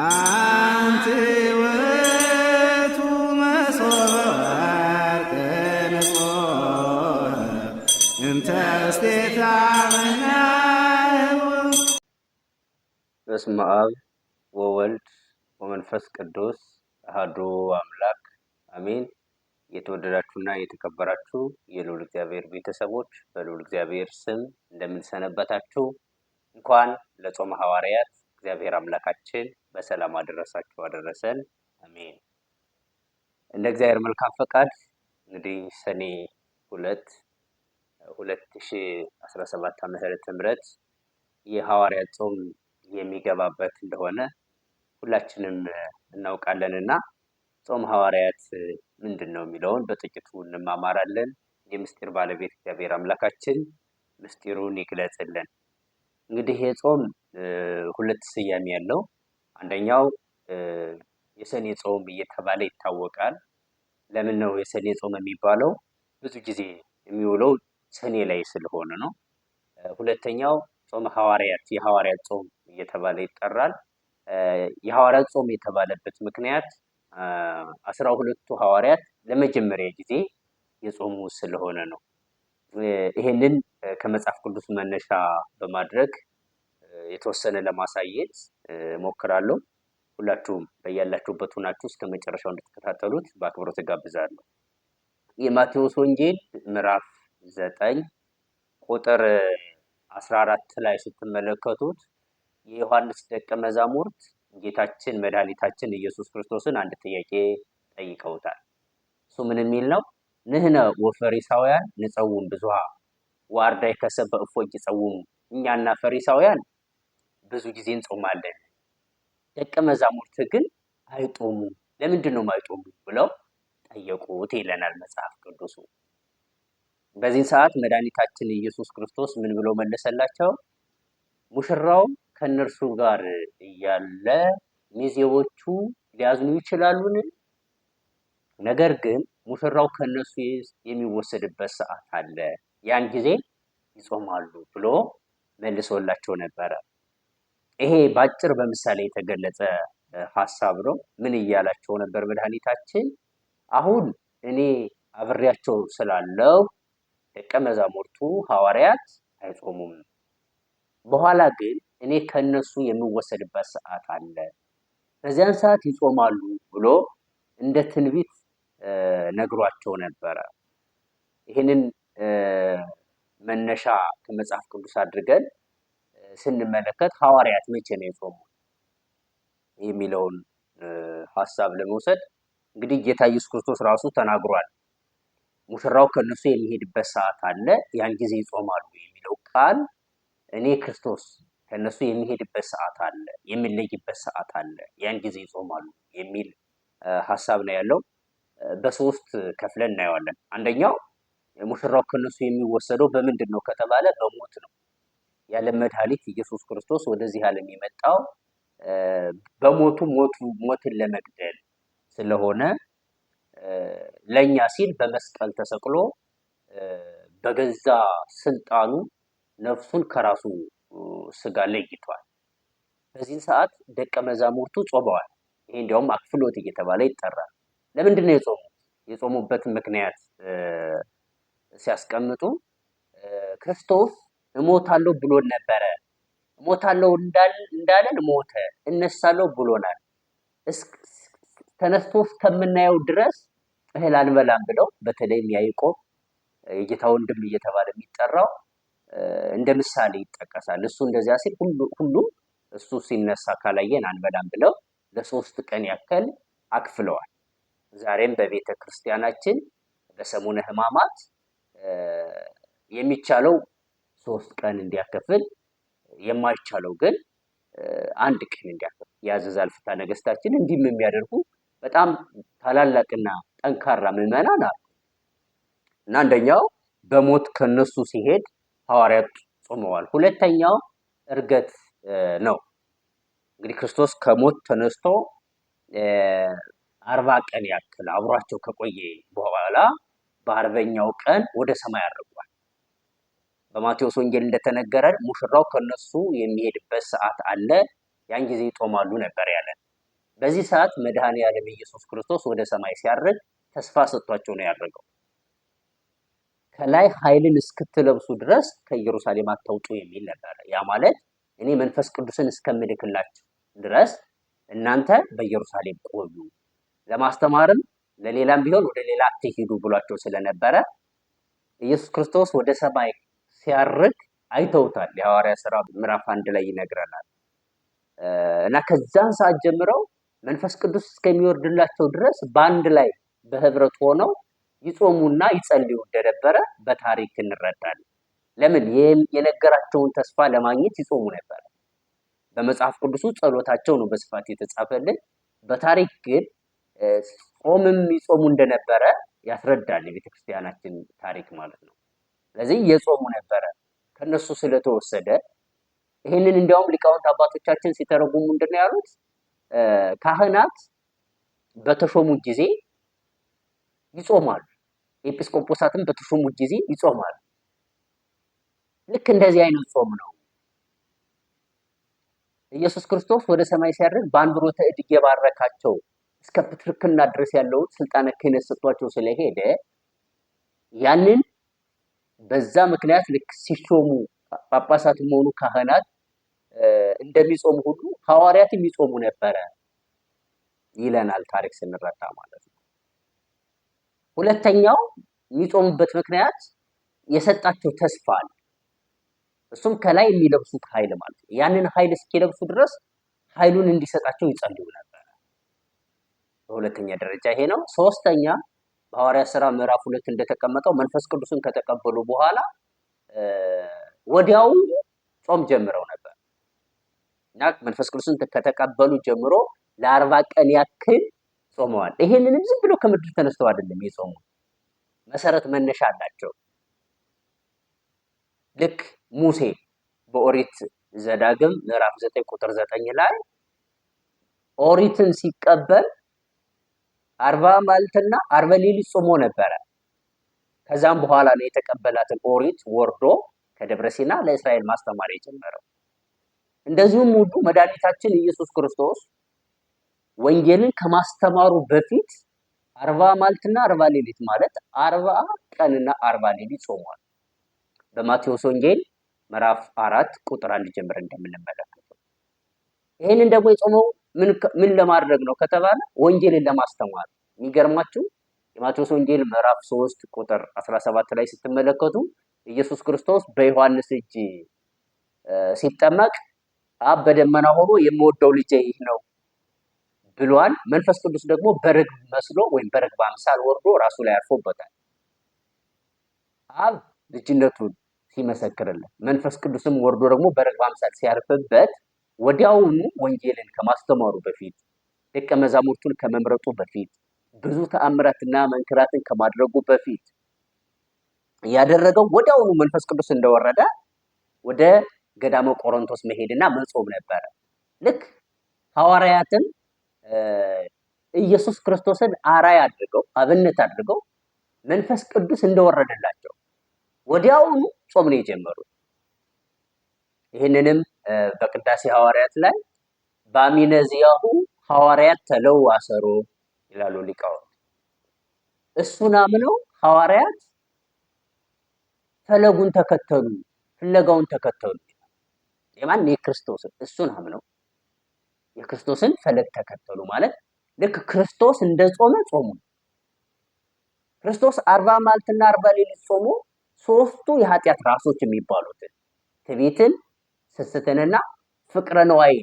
አንተ ውእቱ መሶበ ወርቅ እንተ በስመ አብ ወወልድ ወመንፈስ ቅዱስ አሐዱ አምላክ አሜን። የተወደዳችሁና የተከበራችሁ የልዑል እግዚአብሔር ቤተሰቦች በልዑል እግዚአብሔር ስም እንደምንሰነበታችሁ እንኳን ለጾመ ሐዋርያት እግዚአብሔር አምላካችን በሰላም አደረሳችሁ አደረሰን። አሜን። እንደ እግዚአብሔር መልካም ፈቃድ እንግዲህ ሰኔ ሁለት ሁለት ሺ አስራ ሰባት ዓመተ ምህረት የሐዋርያ ጾም የሚገባበት እንደሆነ ሁላችንም እናውቃለን እና ጾም ሐዋርያት ምንድን ነው የሚለውን በጥቂቱ እንማማራለን። የምስጢር ባለቤት እግዚአብሔር አምላካችን ምስጢሩን ይግለጽልን። እንግዲህ ይህ ጾም ሁለት ስያሜ ያለው አንደኛው የሰኔ ጾም እየተባለ ይታወቃል። ለምን ነው የሰኔ ጾም የሚባለው? ብዙ ጊዜ የሚውለው ሰኔ ላይ ስለሆነ ነው። ሁለተኛው ጾም ሐዋርያት የሐዋርያት ጾም እየተባለ ይጠራል። የሐዋርያት ጾም የተባለበት ምክንያት አስራ ሁለቱ ሐዋርያት ለመጀመሪያ ጊዜ የጾሙ ስለሆነ ነው። ይሄንን ከመጽሐፍ ቅዱስ መነሻ በማድረግ የተወሰነ ለማሳየት ሞክራለሁ። ሁላችሁም በያላችሁበት ሁናችሁ እስከ መጨረሻው እንድትከታተሉት በአክብሮት ጋብዛለሁ። የማቴዎስ ወንጌል ምዕራፍ ዘጠኝ ቁጥር አስራ አራት ላይ ስትመለከቱት የዮሐንስ ደቀ መዛሙርት ጌታችን መድኃኒታችን ኢየሱስ ክርስቶስን አንድ ጥያቄ ጠይቀውታል። እሱ ምን የሚል ነው? ንህነ ወፈሪሳውያን ንጸውም ብዙሃ ዋርዳይ ከሰበ እፎ ይጸውም። እኛና ፈሪሳውያን ብዙ ጊዜ እንጾማለን። ደቀ መዛሙርት ግን አይጦሙ ለምንድን ነው የማይጦሙ ብለው ጠየቁት ይለናል መጽሐፍ ቅዱሱ። በዚህን ሰዓት መድኃኒታችን ኢየሱስ ክርስቶስ ምን ብሎ መለሰላቸው? ሙሽራው ከእነርሱ ጋር እያለ ሚዜዎቹ ሊያዝኑ ይችላሉን? ነገር ግን ሙሽራው ከእነሱ የሚወሰድበት ሰዓት አለ፣ ያን ጊዜ ይጾማሉ ብሎ መልሶላቸው ነበረ። ይሄ በአጭር በምሳሌ የተገለጸ ሀሳብ ነው። ምን እያላቸው ነበር መድኃኒታችን? አሁን እኔ አብሬያቸው ስላለው ደቀ መዛሙርቱ ሐዋርያት አይጾሙም። በኋላ ግን እኔ ከእነሱ የምወሰድበት ሰዓት አለ፣ በዚያን ሰዓት ይጾማሉ ብሎ እንደ ትንቢት ነግሯቸው ነበረ። ይህንን መነሻ ከመጽሐፍ ቅዱስ አድርገን ስንመለከት ሐዋርያት መቼ ነው የጾሙት የሚለውን ሀሳብ ለመውሰድ እንግዲህ ጌታ ኢየሱስ ክርስቶስ ራሱ ተናግሯል። ሙሽራው ከነሱ የሚሄድበት ሰዓት አለ፣ ያን ጊዜ ይጾማሉ የሚለው ቃል እኔ ክርስቶስ ከነሱ የሚሄድበት ሰዓት አለ፣ የሚለይበት ሰዓት አለ፣ ያን ጊዜ ይጾማሉ የሚል ሀሳብ ነው ያለው። በሶስት ከፍለን እናየዋለን። አንደኛው ሙሽራው ከነሱ የሚወሰደው በምንድን ነው ከተባለ በሞት ነው። ያለ መድኃኒት ኢየሱስ ክርስቶስ ወደዚህ ዓለም የመጣው በሞቱ ሞቱ ሞትን ለመግደል ስለሆነ ለእኛ ሲል በመስቀል ተሰቅሎ በገዛ ስልጣኑ ነፍሱን ከራሱ ስጋ ለይቷል። በዚህን ሰዓት ደቀ መዛሙርቱ ጾመዋል። ይሄ እንዲያውም አክፍሎት እየተባለ ይጠራል። ለምንድን ነው የጾሙ? የጾሙበትን ምክንያት ሲያስቀምጡ ክርስቶስ እሞታለሁ ብሎን ነበረ። እሞታለሁ እንዳለን ሞተ፣ እነሳለሁ ብሎናል። ተነስቶ እስከምናየው ድረስ እህል አንበላም ብለው በተለይም ያዕቆብ የጌታ ወንድም እየተባለ የሚጠራው እንደ ምሳሌ ይጠቀሳል። እሱ እንደዚያ ሲል ሁሉም እሱ ሲነሳ ካላየን አንበላም ብለው ለሶስት ቀን ያክል አክፍለዋል። ዛሬም በቤተ ክርስቲያናችን በሰሙነ ሕማማት የሚቻለው ሶስት ቀን እንዲያከፍል የማይቻለው ግን አንድ ቀን እንዲያከፍል ያዘዛል ፍትሐ ነገስታችን። እንዲህም የሚያደርጉ በጣም ታላላቅና ጠንካራ ምዕመናን አሉ እና አንደኛው በሞት ከነሱ ሲሄድ ሐዋርያት ጾመዋል። ሁለተኛው እርገት ነው። እንግዲህ ክርስቶስ ከሞት ተነስቶ አርባ ቀን ያክል አብሯቸው ከቆየ በኋላ በአርበኛው ቀን ወደ ሰማይ አረጉ። በማቴዎስ ወንጌል እንደተነገረን ሙሽራው ከነሱ የሚሄድበት ሰዓት አለ፣ ያን ጊዜ ይጦማሉ ነበር ያለን። በዚህ ሰዓት መድኃኔ ዓለም ኢየሱስ ክርስቶስ ወደ ሰማይ ሲያርግ ተስፋ ሰጥቷቸው ነው ያደረገው። ከላይ ኃይልን እስክትለብሱ ድረስ ከኢየሩሳሌም አታውጡ የሚል ነበረ። ያ ማለት እኔ መንፈስ ቅዱስን እስከምልክላችሁ ድረስ እናንተ በኢየሩሳሌም ቆዩ፣ ለማስተማርም ለሌላም ቢሆን ወደ ሌላ አትሂዱ ብሏቸው ስለነበረ ኢየሱስ ክርስቶስ ወደ ሰማይ ሲያርግ አይተውታል። የሐዋርያ ስራ ምዕራፍ አንድ ላይ ይነግረናል። እና ከዛን ሰዓት ጀምረው መንፈስ ቅዱስ እስከሚወርድላቸው ድረስ በአንድ ላይ በህብረት ሆነው ይጾሙና ይጸልዩ እንደነበረ በታሪክ እንረዳለን። ለምን? የነገራቸውን ተስፋ ለማግኘት ይጾሙ ነበር። በመጽሐፍ ቅዱሱ ጸሎታቸው ነው በስፋት የተጻፈልን። በታሪክ ግን ጾምም ይጾሙ እንደነበረ ያስረዳል የቤተክርስቲያናችን ታሪክ ማለት ነው። ስለዚህ የጾሙ ነበረ ከነሱ ስለተወሰደ ይህንን እንዲያውም ሊቃውንት አባቶቻችን ሲተረጉሙ ምንድን ነው ያሉት? ካህናት በተሾሙ ጊዜ ይጾማሉ፣ ኤጲስቆጶሳትም በተሾሙ ጊዜ ይጾማሉ። ልክ እንደዚህ አይነት ጾም ነው ኢየሱስ ክርስቶስ ወደ ሰማይ ሲያደርግ በአንብሮተ እድ የባረካቸው እስከ ፕትርክና ድረስ ያለውን ስልጣነ ክህነት ሰጥቷቸው ስለሄደ ያንን በዛ ምክንያት ልክ ሲሾሙ ጳጳሳትም ሆኑ ካህናት እንደሚጾሙ ሁሉ ሐዋርያት የሚጾሙ ነበረ ይለናል ታሪክ ስንረዳ ማለት ነው። ሁለተኛው የሚጾሙበት ምክንያት የሰጣቸው ተስፋ አለ። እሱም ከላይ የሚለብሱት ኃይል ማለት ነው። ያንን ኃይል እስኪለብሱ ድረስ ኃይሉን እንዲሰጣቸው ይጸልዩ ነበር። በሁለተኛ ደረጃ ይሄ ነው። ሶስተኛ በሐዋርያ ሥራ ምዕራፍ ሁለት እንደተቀመጠው መንፈስ ቅዱስን ከተቀበሉ በኋላ ወዲያው ጾም ጀምረው ነበር እና መንፈስ ቅዱስን ከተቀበሉ ጀምሮ ለአርባ ቀን ያክል ጾመዋል። ይሄንንም ዝም ብሎ ከምድር ተነስተው አይደለም የጾሙ መሰረት መነሻ አላቸው። ልክ ሙሴ በኦሪት ዘዳግም ምዕራፍ ዘጠኝ ቁጥር ዘጠኝ ላይ ኦሪትን ሲቀበል አርባ ማልትና አርባ ሌሊት ጾሞ ነበረ። ከዛም በኋላ ነው የተቀበላትን ኦሪት ወርዶ ከደብረ ሲና ለእስራኤል ማስተማር የጀመረው። እንደዚሁም ሁሉ መድኃኒታችን ኢየሱስ ክርስቶስ ወንጌልን ከማስተማሩ በፊት አርባ ማልትና አርባ ሌሊት ማለት አርባ ቀንና አርባ ሌሊት ጾሟል። በማቴዎስ ወንጌል ምዕራፍ አራት ቁጥር አንድ ጀምር እንደምንመለከተው ይህንን ደግሞ የጾመው ምን ለማድረግ ነው ከተባለ ወንጌልን ለማስተማር። የሚገርማችሁ የማቴዎስ ወንጌል ምዕራፍ ሶስት ቁጥር 17 ላይ ስትመለከቱ ኢየሱስ ክርስቶስ በዮሐንስ እጅ ሲጠመቅ አብ በደመና ሆኖ የምወደው ልጄ ይህ ነው ብሏል። መንፈስ ቅዱስ ደግሞ በርግብ መስሎ ወይም በርግብ አምሳል ወርዶ ራሱ ላይ አርፎበታል። አብ ልጅነቱን ሲመሰክርለት፣ መንፈስ ቅዱስም ወርዶ ደግሞ በርግብ አምሳል ሲያርፍበት ወዲያውኑ ወንጌልን ከማስተማሩ በፊት ደቀ መዛሙርቱን ከመምረጡ በፊት ብዙ ተአምራትና መንክራትን ከማድረጉ በፊት ያደረገው ወዲያውኑ መንፈስ ቅዱስ እንደወረደ ወደ ገዳመ ቆሮንቶስ መሄድና መጾም ነበረ። ልክ ሐዋርያትን ኢየሱስ ክርስቶስን አራያ አድርገው አብነት አድርገው መንፈስ ቅዱስ እንደወረደላቸው ወዲያውኑ ጾም ነው የጀመሩት። ይህንንም በቅዳሴ ሐዋርያት ላይ በአሚነዚያሁ ሐዋርያት ተለው አሰሮ ይላሉ ሊቃውንት። እሱን አምነው ሐዋርያት ፈለጉን ተከተሉ፣ ፍለጋውን ተከተሉ። የማን የክርስቶስን? እሱን አምነው የክርስቶስን ፈለግ ተከተሉ ማለት ልክ ክርስቶስ እንደ ጾመ ጾሙ። ክርስቶስ አርባ ማልትና አርባ ሌሊት ጾሞ ሶስቱ የኃጢአት ራሶች የሚባሉትን ትዕቢትን፣ ስስትንና ፍቅረ ነዋይ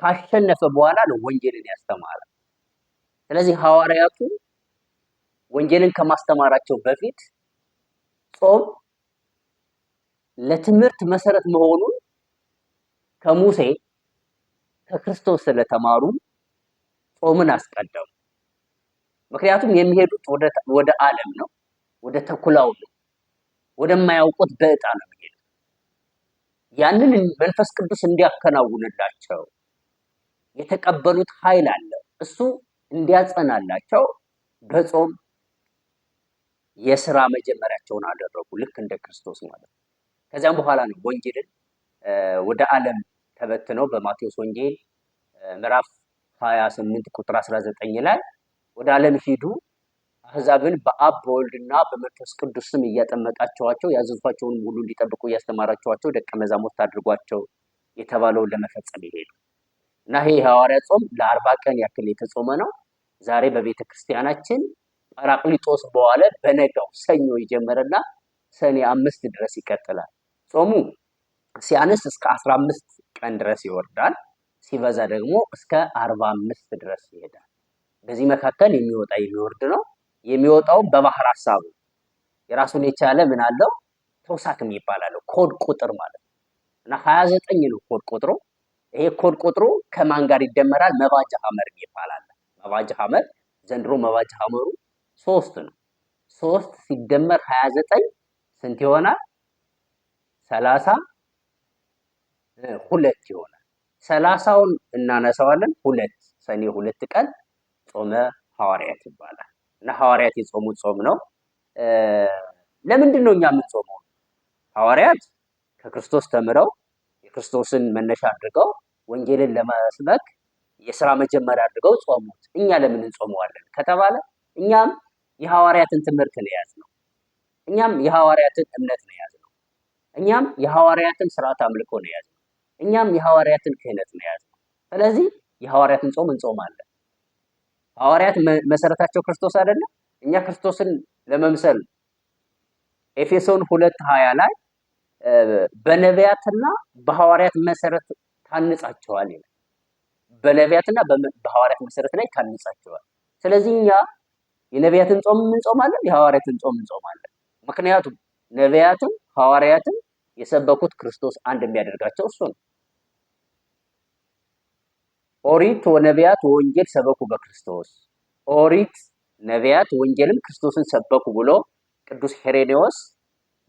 ካሸነፈ በኋላ ነው ወንጌልን ያስተማረ። ስለዚህ ሐዋርያቱ ወንጌልን ከማስተማራቸው በፊት ጾም ለትምህርት መሰረት መሆኑን ከሙሴ ከክርስቶስ ስለተማሩ ጾምን አስቀደሙ። ምክንያቱም የሚሄዱት ወደ ዓለም ነው፣ ወደ ተኩላው ነው፣ ወደማያውቁት በዕጣ ነው። ያንን መንፈስ ቅዱስ እንዲያከናውንላቸው የተቀበሉት ኃይል አለ። እሱ እንዲያጸናላቸው በጾም የስራ መጀመሪያቸውን አደረጉ፣ ልክ እንደ ክርስቶስ ማለት ነው። ከዚያም በኋላ ነው ወንጌልን ወደ ዓለም ተበትነው በማቴዎስ ወንጌል ምዕራፍ 28 ቁጥር 19 ላይ ወደ ዓለም ሂዱ አህዛብን በአብ በወልድና በመንፈስ ቅዱስ ስም እያጠመቃቸዋቸው ያዘዝኋቸውን ሁሉ እንዲጠብቁ እያስተማራቸዋቸው ደቀ መዛሙርት አድርጓቸው የተባለውን ለመፈጸም ይሄዱ እና ይሄ የሐዋርያ ጾም ለአርባ ቀን ያክል የተጾመ ነው። ዛሬ በቤተ ክርስቲያናችን ጳራቅሊጦስ በኋላ በነጋው ሰኞ ይጀምርና ሰኔ አምስት ድረስ ይቀጥላል። ጾሙ ሲያንስ እስከ አስራ አምስት ቀን ድረስ ይወርዳል። ሲበዛ ደግሞ እስከ አርባ አምስት ድረስ ይሄዳል። በዚህ መካከል የሚወጣ የሚወርድ ነው። የሚወጣውም በባህር ሀሳብ የራሱን የቻለ ምን አለው ተውሳክ የሚባል ኮድ ቁጥር ማለት ነው። እና ሀያ ዘጠኝ ነው ኮድ ቁጥሩ። ይሄ ኮድ ቁጥሩ ከማን ጋር ይደመራል? መባጃ ሀመር ይባላል። መባጅ ሀመር ዘንድሮ መባጃ ሀመሩ ሶስት ነው። ሶስት ሲደመር ሀያ ዘጠኝ ስንት ይሆናል? ሰላሳ ሁለት ይሆናል። ሰላሳውን እናነሳዋለን። ሁለት ሰኔ ሁለት ቀን ጾመ ሐዋርያት ይባላል። ሐዋርያት የጾሙት ጾም ነው። ለምንድን ነው እኛ የምንጾመው? ሐዋርያት ከክርስቶስ ተምረው የክርስቶስን መነሻ አድርገው ወንጌልን ለመስበክ የስራ መጀመሪያ አድርገው ጾሙት። እኛ ለምን እንጾመዋለን ከተባለ እኛም የሐዋርያትን ትምህርት ነው የያዝነው። እኛም የሐዋርያትን እምነት ነው የያዝነው። እኛም የሐዋርያትን ስርዓት አምልኮ ነው የያዝነው። እኛም የሐዋርያትን ክህነት ነው የያዝነው። ስለዚህ የሐዋርያትን ጾም እንጾማለን። ሐዋርያት መሰረታቸው ክርስቶስ አይደለም። እኛ ክርስቶስን ለመምሰል ኤፌሶን ሁለት ሀያ ላይ በነቢያትና በሐዋርያት መሰረት ታንጻቸዋል ይላል። በነቢያትና በሐዋርያት መሰረት ላይ ታንጻቸዋል። ስለዚህ እኛ የነቢያትን ጾም እንጾማለን፣ የሐዋርያትን ጾም እንጾማለን። ምክንያቱም ነቢያትም ሐዋርያትም የሰበኩት ክርስቶስ አንድ የሚያደርጋቸው እሱ ነው። ኦሪት ወነቢያት ወንጌል ሰበኩ በክርስቶስ ኦሪት ነቢያት ወንጌልም ክርስቶስን ሰበኩ ብሎ ቅዱስ ሄሬኔዎስ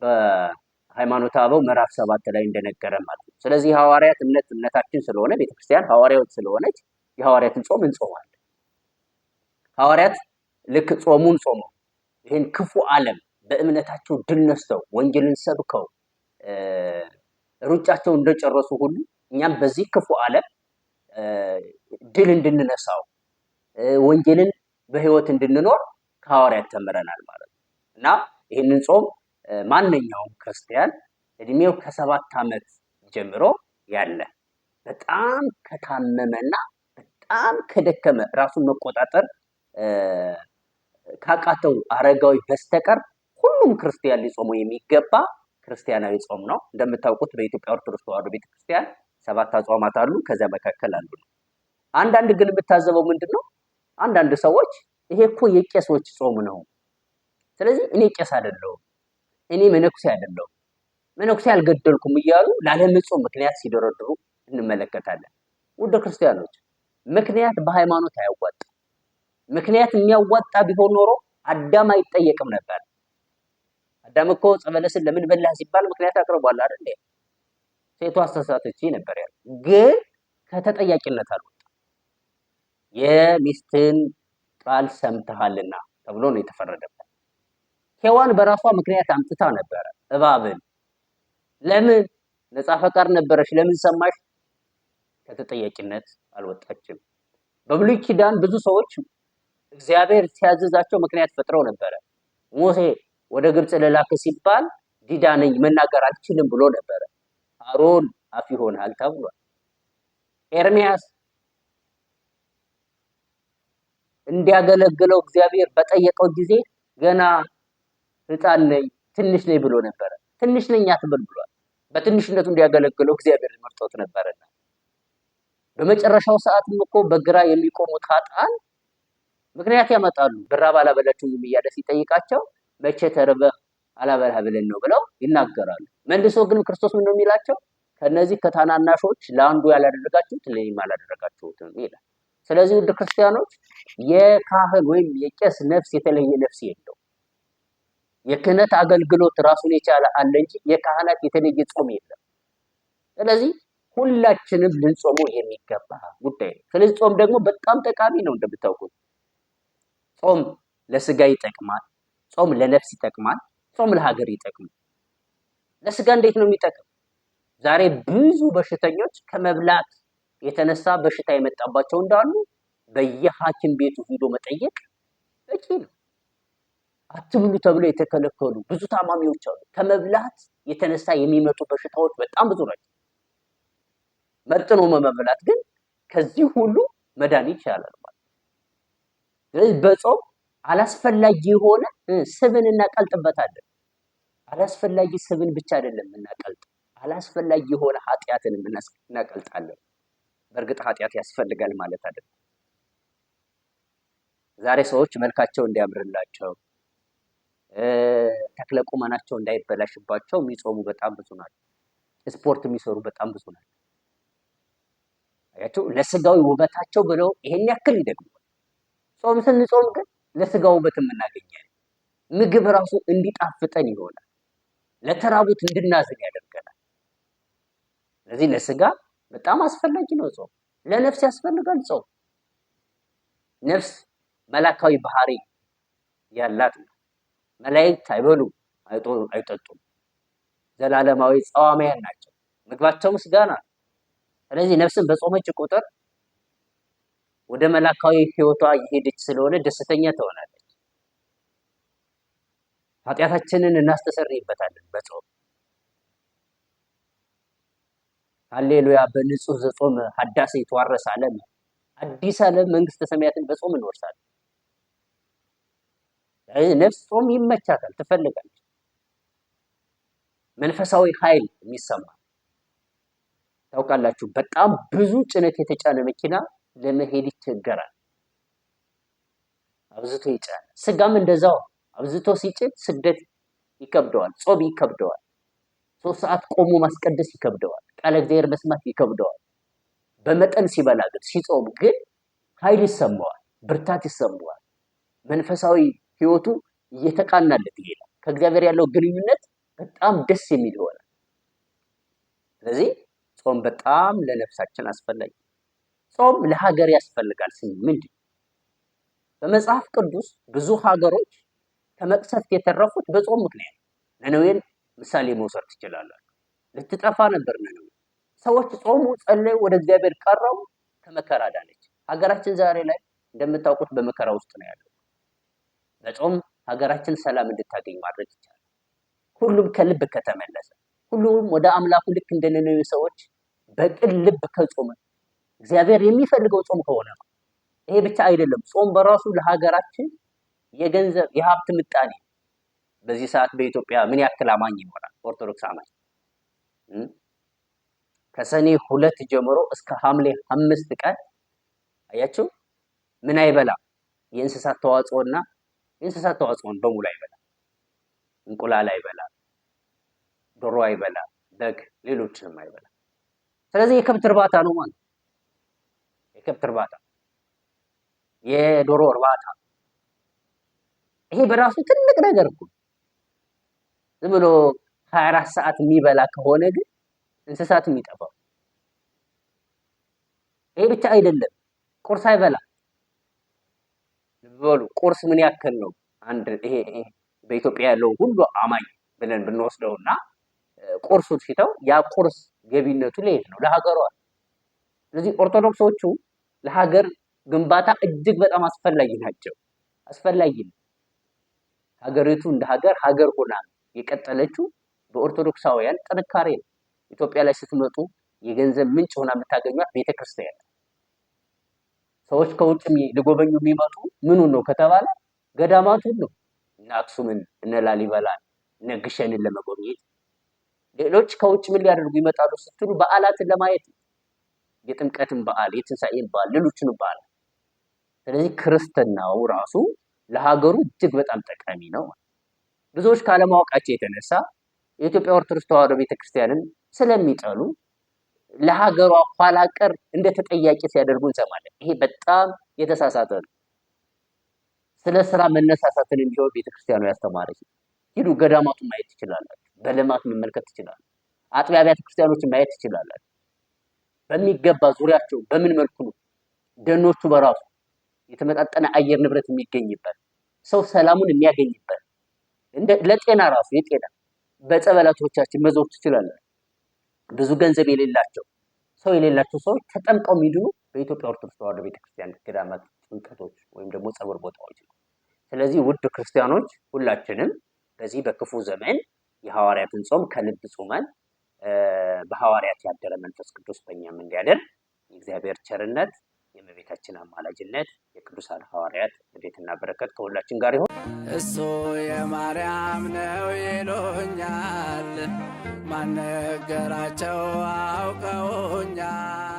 በሃይማኖተ አበው ምዕራፍ ሰባት ላይ እንደነገረ ማለት ነው። ስለዚህ የሐዋርያት እምነት እምነታችን ስለሆነ ቤተክርስቲያን ሐዋርያዎች ስለሆነች የሐዋርያትን ጾም እንጾማለን። ሐዋርያት ልክ ጾሙን ጾመው ይህን ክፉ ዓለም በእምነታቸው ድል ነስተው ወንጌልን ሰብከው ሩጫቸው እንደጨረሱ ሁሉ እኛም በዚህ ክፉ ዓለም ድል እንድንነሳው ወንጌልን በህይወት እንድንኖር ከሐዋርያት ተምረናል ማለት ነው እና ይህንን ጾም ማንኛውም ክርስቲያን እድሜው ከሰባት ዓመት ጀምሮ ያለ በጣም ከታመመና በጣም ከደከመ ራሱን መቆጣጠር ካቃተው አረጋዊ በስተቀር ሁሉም ክርስቲያን ሊጾመው የሚገባ ክርስቲያናዊ ጾም ነው። እንደምታውቁት በኢትዮጵያ ኦርቶዶክስ ተዋሕዶ ቤተክርስቲያን ሰባት አጽዋማት አሉ። ከዚያ መካከል አንዱ ነው። አንዳንድ ግን የምታዘበው ምንድን ነው? አንዳንድ ሰዎች ይሄ እኮ የቄሶች ጾም ነው፣ ስለዚህ እኔ ቄስ አይደለሁም፣ እኔ መነኩሴ አይደለሁም፣ መነኩሴ አልገደልኩም እያሉ ላለመጾም ምክንያት ሲደረድሩ እንመለከታለን። ውድ ክርስቲያኖች፣ ምክንያት በሃይማኖት አያዋጣም። ምክንያት የሚያዋጣ ቢሆን ኖሮ አዳም አይጠየቅም ነበር። አዳም እኮ ዕፀ በለስን ለምን በላህ ሲባል ምክንያት አቅርቧል አይደል? ሴቷ አስተሳተች ነበር ያለ፣ ግን ከተጠያቂነት አልወጣ የሚስትን ቃል ሰምተሃልና ተብሎ ነው የተፈረደበት። ሔዋን በራሷ ምክንያት አምጥታ ነበረ እባብን። ለምን ነፃ ፈቃድ ነበረች? ለምን ሰማሽ? ከተጠያቂነት አልወጣችም። በብሉይ ኪዳን ብዙ ሰዎች እግዚአብሔር ሲያዘዛቸው ምክንያት ፈጥረው ነበረ። ሙሴ ወደ ግብፅ ልላክ ሲባል ዲዳ ነኝ መናገር አልችልም ብሎ ነበረ። አሮን አፍ ይሆናል ተብሏል። ኤርሚያስ እንዲያገለግለው እግዚአብሔር በጠየቀው ጊዜ ገና ሕፃን ነኝ ትንሽ ነኝ ብሎ ነበረ። ትንሽ ነኝ አትበል ብሏል። በትንሽነቱ እንዲያገለግለው እግዚአብሔር መርጦት ነበረና በመጨረሻው ሰዓትም እኮ በግራ የሚቆሙት ሀጣን ምክንያት ያመጣሉ። ብራብ አላበላችሁም እያለ ሲጠይቃቸው መቼ ተርበህ አላበላ ብለን ነው ብለው ይናገራሉ። መልሶ ግን ክርስቶስ ነው የሚላቸው? ከነዚህ ከታናናሾች ለአንዱ ያላደረጋችሁት ለእኔም አላደረጋችሁትም ይላል። ስለዚህ ውድ ክርስቲያኖች የካህን ወይም የቄስ ነፍስ የተለየ ነፍስ የለው። የክህነት አገልግሎት ራሱን የቻለ አለ እንጂ የካህናት የተለየ ጾም የለም። ስለዚህ ሁላችንም ልንጾሙ የሚገባ ጉዳይ ነው። ስለዚህ ጾም ደግሞ በጣም ጠቃሚ ነው። እንደምታውቁት ጾም ለስጋ ይጠቅማል፣ ጾም ለነፍስ ይጠቅማል፣ ጾም ለሀገር ይጠቅማል። ለስጋ እንዴት ነው የሚጠቅም? ዛሬ ብዙ በሽተኞች ከመብላት የተነሳ በሽታ የመጣባቸው እንዳሉ በየሐኪም ቤቱ ሂዶ መጠየቅ በቂ ነው። አትብሉ ተብሎ የተከለከሉ ብዙ ታማሚዎች አሉ። ከመብላት የተነሳ የሚመጡ በሽታዎች በጣም ብዙ ናቸው። መጥኖ መመብላት ግን ከዚህ ሁሉ መዳን ይቻላል ማለት ነው። ስለዚህ በጾም አላስፈላጊ የሆነ ስብን እናቀልጥበታለን። አላስፈላጊ ስብን ብቻ አይደለም እናቀልጥ፣ አላስፈላጊ የሆነ ኃጢአትንም እናቀልጣለን። በእርግጥ ኃጢአት ያስፈልጋል ማለት አይደለም። ዛሬ ሰዎች መልካቸው እንዲያምርላቸው ተክለ ቁመናቸው እንዳይበላሽባቸው የሚጾሙ በጣም ብዙ ናቸው። ስፖርት የሚሰሩ በጣም ብዙ ናቸው። ለስጋዊ ውበታቸው ብለው ይሄን ያክል ይደግሙ። ጾም ስንጾም ግን ለስጋ ውበት እናገኛለን። ምግብ ራሱ እንዲጣፍጠን ይሆናል። ለተራቡት እንድናዝን ያደርገናል። ስለዚህ ለስጋ በጣም አስፈላጊ ነው ጾም። ለነፍስ ያስፈልጋል ጾም። ነፍስ መላካዊ ባህሪ ያላት ነው። መላእክት አይበሉ አይጠጡም። ዘላለማዊ ጸዋማያን ናቸው። ስጋ ምስጋና። ስለዚህ ነፍስን በጾመች ቁጥር ወደ መላካዊ ህይወቷ እየሄደች ስለሆነ ደስተኛ ትሆናለች። ኃጢአታችንን እናስተሰርይበታለን በጾም ሃሌሉያ። በንጹህ ዘጾም ሀዳስ የተዋረሰ ዓለም አዲስ ዓለም መንግስተ ሰማያትን በጾም እንወርሳለን። ነፍስ ጾም ይመቻታል፣ ትፈልጋለች። መንፈሳዊ ኃይል የሚሰማ ታውቃላችሁ። በጣም ብዙ ጭነት የተጫነ መኪና ለመሄድ ይቸገራል። አብዝቶ ይጭናል። ስጋም እንደዛው አብዝቶ ሲጭን ስደት ይከብደዋል፣ ጾም ይከብደዋል፣ ሶስት ሰዓት ቆሞ ማስቀደስ ይከብደዋል፣ ቃለ እግዚአብሔር መስማት ይከብደዋል። በመጠን ሲበላ ግን ሲጾም ግን ኃይል ይሰማዋል፣ ብርታት ይሰማዋል። መንፈሳዊ ህይወቱ እየተቃናለት ይሄዳል። ከእግዚአብሔር ያለው ግንኙነት በጣም ደስ የሚል ይሆናል። ስለዚህ ጾም በጣም ለነፍሳችን አስፈላጊ ጾም ለሀገር ያስፈልጋል ስንል ምንድን በመጽሐፍ ቅዱስ ብዙ ሀገሮች ከመቅሰፍት የተረፉት በጾም ምክንያት። ነነዌን ምሳሌ መውሰድ ትችላላችሁ። ልትጠፋ ነበር ነነዌ። ሰዎች ጾሙ፣ ጸለዩ፣ ወደ እግዚአብሔር ቀረቡ፣ ከመከራ ዳነች። ሀገራችን ዛሬ ላይ እንደምታውቁት በመከራ ውስጥ ነው ያለው። በጾም ሀገራችን ሰላም እንድታገኝ ማድረግ ይቻላል። ሁሉም ከልብ ከተመለሰ፣ ሁሉም ወደ አምላኩ ልክ እንደነነዌ ሰዎች በቅን ልብ ከጾመ እግዚአብሔር የሚፈልገው ጾም ከሆነ ነው። ይሄ ብቻ አይደለም። ጾም በራሱ ለሀገራችን የገንዘብ የሀብት ምጣኔ በዚህ ሰዓት በኢትዮጵያ ምን ያክል አማኝ ይሆናል? ኦርቶዶክስ አማኝ ከሰኔ ሁለት ጀምሮ እስከ ሐምሌ አምስት ቀን አያችሁ ምን አይበላ? የእንስሳት ተዋጽኦና የእንስሳት ተዋጽኦን በሙሉ አይበላም። እንቁላል አይበላም፣ ዶሮ አይበላም፣ በግ ሌሎችንም አይበላም። ስለዚህ የከብት እርባታ ነው ማለት የከብት እርባታ፣ የዶሮ እርባታ ይሄ በራሱ ትልቅ ነገር እኮ ዝም ብሎ 24 ሰዓት የሚበላ ከሆነ ግን እንስሳት የሚጠፋው ይሄ ብቻ አይደለም። ቁርስ አይበላ በሉ ቁርስ ምን ያክል ነው? አንድ ይሄ በኢትዮጵያ ያለው ሁሉ አማኝ ብለን ብንወስደውና ቁርሱ ሲተው ያ ቁርስ ገቢነቱ ለየት ነው ለሀገሯ። ስለዚህ ኦርቶዶክሶቹ ለሀገር ግንባታ እጅግ በጣም አስፈላጊ ናቸው። አስፈላጊ ነው። ሀገሪቱ እንደ ሀገር ሀገር ሆና የቀጠለችው በኦርቶዶክሳውያን ጥንካሬ ነው። ኢትዮጵያ ላይ ስትመጡ የገንዘብ ምንጭ ሆና የምታገኟት ቤተክርስቲያን። ሰዎች ከውጭም ሊጎበኙ የሚመጡ ምኑን ነው ከተባለ ገዳማቱን ነው። እነ አክሱምን፣ እነ ላሊበላን፣ እነ ግሸንን ለመጎብኘት ሌሎች ከውጭ ምን ሊያደርጉ ይመጣሉ ስትሉ በዓላትን ለማየት ነው። የጥምቀትን በዓል፣ የትንሣኤን በዓል፣ ሌሎችን በዓል። ስለዚህ ክርስትናው ራሱ ለሀገሩ እጅግ በጣም ጠቃሚ ነው። ብዙዎች ካለማወቃቸው የተነሳ የኢትዮጵያ ኦርቶዶክስ ተዋሕዶ ቤተክርስቲያንን ስለሚጠሉ ለሀገሯ ኋላ ቀር እንደ ተጠያቂ ሲያደርጉ እንሰማለን። ይሄ በጣም የተሳሳተ ነው። ስለ ስራ መነሳሳትን እንዲሆን ቤተክርስቲያኑ ያስተማረች ሂዱ ገዳማቱን ማየት ትችላላችሁ። በልማት መመልከት ትችላላችሁ። አጥቢያ ቤተክርስቲያኖችን ማየት ትችላላችሁ። በሚገባ ዙሪያቸው በምን መልኩ ነው ደኖቹ በራሱ የተመጣጠነ አየር ንብረት የሚገኝበት ሰው ሰላሙን የሚያገኝበት ለጤና ራሱ የጤና በጸበላቶቻችን መዞር ትችላለን። ብዙ ገንዘብ የሌላቸው ሰው የሌላቸው ሰዎች ተጠምቀው የሚድኑ በኢትዮጵያ ኦርቶዶክስ ተዋሕዶ ቤተክርስቲያን ገዳማት ጥምቀቶች ወይም ደግሞ ጸበል ቦታዎች ነው። ስለዚህ ውድ ክርስቲያኖች ሁላችንም በዚህ በክፉ ዘመን የሐዋርያትን ጾም ከልብ ጾመን በሐዋርያት ያደረ መንፈስ ቅዱስ በእኛም እንዲያደር የእግዚአብሔር ቸርነት፣ የእመቤታችን አማላጅነት፣ የቅዱሳን ሐዋርያት ረድኤትና በረከት ከሁላችን ጋር ይሁን። እሱ የማርያም ነው ይሉኛል፣ ማነገራቸው አውቀውኛል።